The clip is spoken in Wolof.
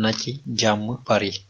na ci jàmm Paris